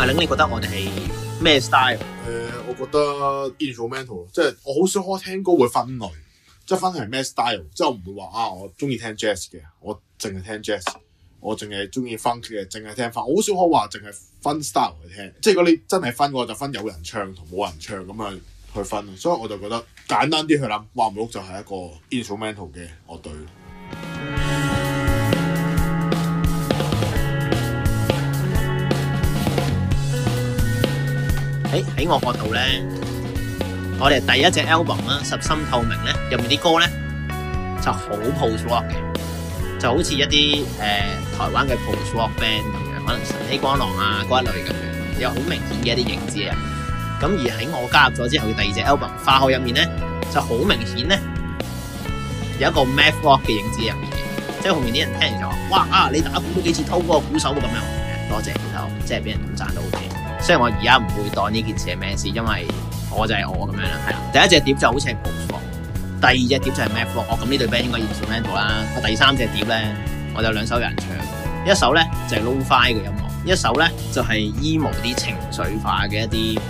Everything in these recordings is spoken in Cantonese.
阿玲、啊，你覺得我哋係咩 style？誒，我覺得 instrumental，即係我好少可聽歌會分類，即係分係咩 style，即係我唔會話啊，我中意聽 jazz 嘅，我淨係聽 jazz，我淨係中意 funk 嘅，淨係聽 funk，我好少可話淨係分 style 去聽，即係如果你真係分嘅就分有人唱同冇人唱咁樣去分。所以我就覺得簡單啲去諗，話梅鹿就係一個 instrumental 嘅樂隊。喺喺、hey，我個度咧，我哋第一隻 album 啦，《十心透明》咧，入面啲歌咧就好 post rock 嘅，就好似一啲誒、呃、台灣嘅 post rock band 咁樣、啊，可能晨曦光廊啊嗰一類咁樣，有好明顯嘅一啲影子入邊。咁而喺我加入咗之後嘅第二隻 album，《化學》呢入面咧就好明顯咧有一個 math rock 嘅影子入面嘅，即、就、係、是、後面啲人聽完就話，哇啊，你打鼓都幾次偷過鼓，鼓手啊咁樣。多謝，即係俾人讚到 OK。雖然我而家唔會當呢件事係咩事，因為我就係我咁樣啦。係啦，第一隻碟就好似 pop，第二隻碟就係 metal、哦。我咁呢對 band 應該要做 metal 啦。第三隻碟咧，我就有兩首有人唱，一首咧就係、是、lo-fi 嘅音樂，一首咧就係、是、emo 啲情緒化嘅一啲，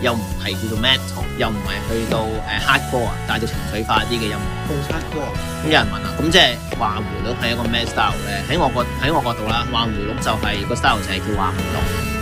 又唔係叫做 metal，又唔係去到誒 hard 歌啊，帶到情緒化啲嘅音樂。冇 hard 歌啊？咁 有人問啦，咁即係話梅鹿係一個咩 style 咧？喺我個喺我角度啦，話梅鹿就係、是、個 style 就係叫話梅鹿。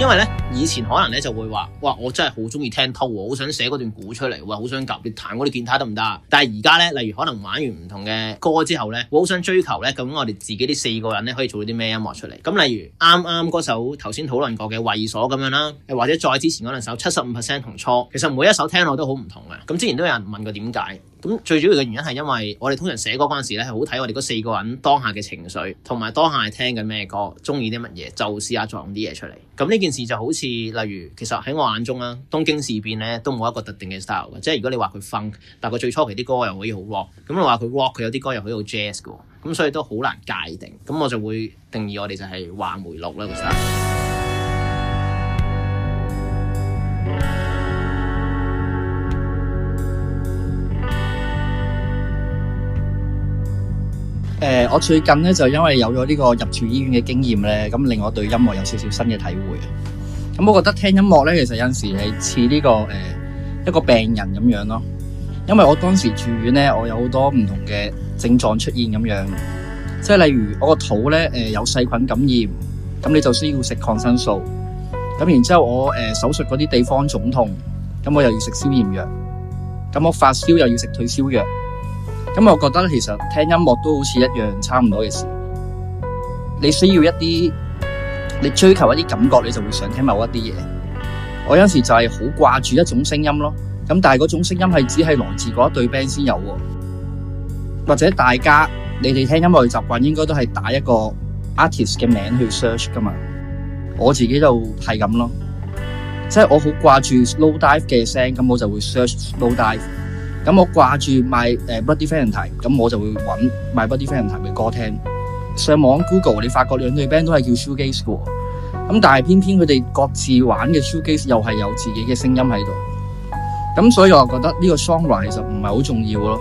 因為咧以前可能咧就會話，哇！我真係好中意聽偷，我好想寫段鼓出嚟，哇！好想夾住彈嗰啲吉他得唔得？但係而家咧，例如可能玩完唔同嘅歌之後咧，我好想追求咧，究竟我哋自己啲四個人咧可以做啲咩音樂出嚟？咁例如啱啱嗰首頭先討論過嘅《畏所》咁樣啦，或者再之前嗰兩首《七十五 percent》同《初》，其實每一首聽落都好唔同嘅。咁之前都有人問過點解？咁最主要嘅原因係因為我哋通常寫歌嗰陣時咧，係好睇我哋嗰四個人當下嘅情緒，同埋當下係聽緊咩歌，中意啲乜嘢就試下撞啲嘢出嚟。咁呢件事就好似，例如其實喺我眼中啦，東京事變咧都冇一個特定嘅 style 嘅，即係如果你話佢 funk，但佢最初期啲歌又可以好 rock，咁你話佢 rock，佢有啲歌又可以好 jazz 嘅，咁所以都好難界定。咁我就會定義我哋就係華梅六話梅鹿啦，其實。我最近咧，就因為有咗呢個入住醫院嘅經驗咧，咁令我對音樂有少少新嘅體會。咁我覺得聽音樂咧，其實有陣時係似呢個呃一個病人咁樣咯。因為我當時住院咧，我有好多唔同嘅症狀出現咁樣，即係例如我個肚咧呃，有細菌感染，咁你就需要食抗生素。咁然之後我呃手術嗰啲地方腫痛，咁我又要食消炎藥。咁我發燒又要食退燒藥。咁我覺得其實聽音樂都好似一樣差唔多嘅事，你需要一啲你追求一啲感覺，你就會想聽某一啲嘢。我有時就係好掛住一種聲音咯，咁但係嗰種聲音係只係來自嗰一對 band 先有喎。或者大家你哋聽音樂嘅習慣應該都係打一個 artist 嘅名去 search 㗎嘛，我自己就係咁咯，即係我好掛住 Slow Dive 嘅聲，咁我就會 search Slow Dive。咁我掛住 My 誒 Bloody Valentine，咁我就會揾 My Bloody Valentine 嘅歌聽。上網 Google，你發覺兩隊 band 都係叫 shoegaze 嘅，咁但係偏偏佢哋各自玩嘅 shoegaze 又係有自己嘅聲音喺度。咁所以我覺得呢個 genre 其實唔係好重要咯，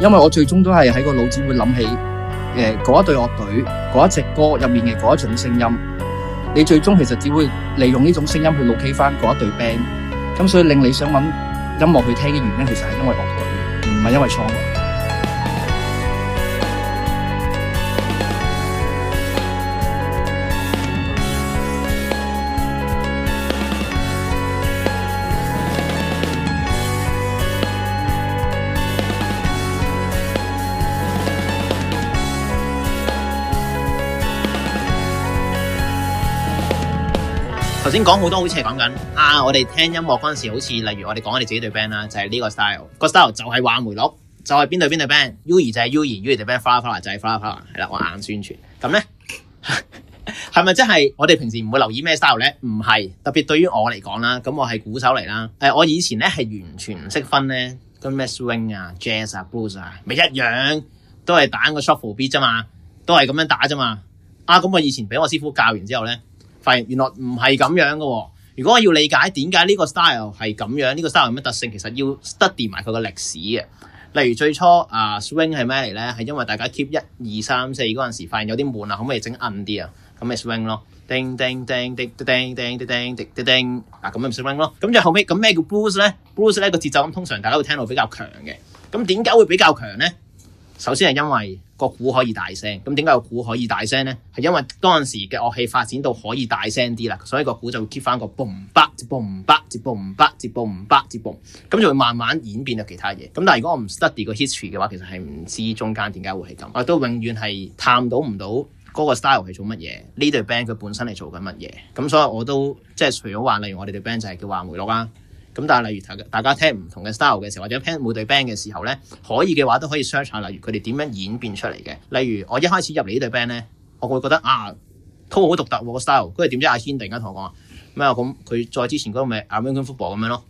因為我最終都係喺個腦子會諗起誒嗰一隊樂隊嗰一隻歌入面嘅嗰一種聲音。你最終其實只會利用呢種聲音去 look back 返嗰一隊 band，咁所以令你想揾。音樂佢聽嘅原因其實係因為樂隊，唔係因為創作。頭先講好多好似係講緊啊！我哋聽音樂嗰陣時，好似例如我哋講我哋自己隊 band 啦，就係、是、呢個 style。個 style 就係話梅鹿，就係邊隊邊隊 band。U2 就係 U2，U2 隊 band。Flower，flower，flower，flower 係啦，我眼宣傳咁咧，係咪即係我哋平時唔會留意咩 style 咧？唔係，特別對於我嚟講啦，咁我係鼓手嚟啦。誒，我以前咧係完全唔識分咧，跟咩 swing 啊、jazz 啊、blues 啊，咪一樣都係打個 shuffle beat 咋嘛，都係咁、啊、樣打咋、啊、嘛。啊，咁我以前俾我師傅教完之後咧。發現原來唔係咁樣嘅。如果我要理解點解呢個 style 係咁樣，呢個 style 有咩特性，其實要 study 埋佢嘅歷史嘅。例如最初啊，swing 係咩嚟咧？係因為大家 keep 一二三四嗰陣時，發現有啲悶啊，可唔可以整暗啲啊？咁咪 swing 咯，叮叮叮叮叮叮叮叮叮叮，嗱咁咪 swing 咯。咁就後尾，咁咩叫 blues 咧？blues 咧個節奏咁，通常大家會聽到比較強嘅。咁點解會比較強咧？首先係因為個鼓可以大聲，咁點解個鼓可以大聲呢？係因為當時嘅樂器發展到可以大聲啲啦，所以個鼓就會 keep 翻個 boom，不接 boom，不接 boom，不接 boom，不接 boom，咁就會慢慢演變到其他嘢。咁但係如果我唔 study 個 history 嘅話，其實係唔知中間點解會係咁。我都永遠係探到唔到嗰個 style 係做乜嘢，呢隊 band 佢本身係做緊乜嘢。咁所以我都即係除咗話，例如我哋隊 band 就係叫話梅鹿啦。咁但係例如大家聽唔同嘅 style 嘅時候，或者聽每對 band 嘅時候咧，可以嘅話都可以 search 下，例如佢哋點樣演變出嚟嘅。例如我一開始入嚟呢對 band 咧，我會覺得啊，濤好獨特，個 style。跟住點知阿軒突然間同我講啊，咩啊，咁佢再之前嗰個咪《American Football》咁樣咯。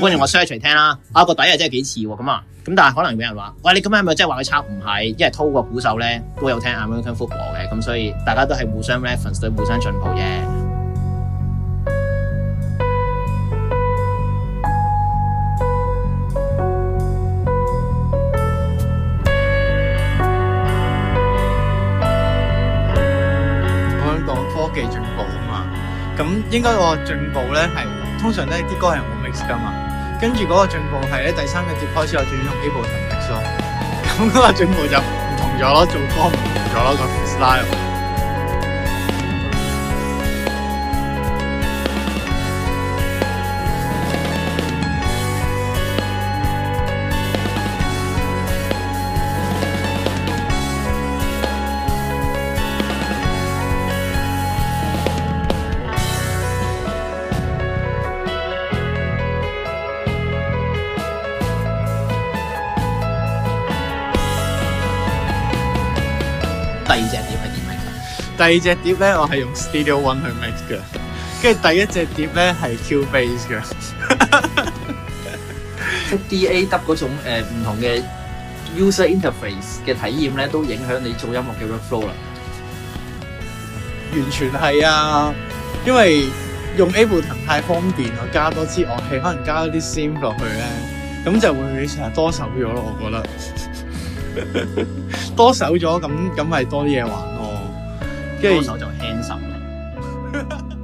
歡迎 我 search 嚟聽啦，啊個底啊真係幾似喎。咁啊，咁但係可能俾人話，喂，你咁樣係咪真係話佢抄，唔係，因為濤個鼓手咧都有聽《American Football》嘅，咁所以大家都係互相 reference，都互相進步嘅。咁應該個進步咧，係通常咧，啲歌係冇 mix 噶嘛，跟住嗰個進步係咧，第三個節開始我轉咗起步同 mix 咯，咁個進步就唔同咗咯，做歌唔同咗咯，個 style 第二隻碟點樣 mix？第二隻碟咧，我係用 Studio One 去 mix 嘅，跟住第一隻碟咧係 Cubase 嘅， 即係 DAW 嗰種誒唔、呃、同嘅 user interface 嘅體驗咧，都影響你做音樂嘅 work flow 啦。完全係啊，因為用 Ableton 太方便咯，加多支樂器，可能加一啲 synth 落去咧，咁就會成日多手咗咯，我覺得。 多手咗，咁咁咪多啲嘢玩咯，跟住多手就輕鬆。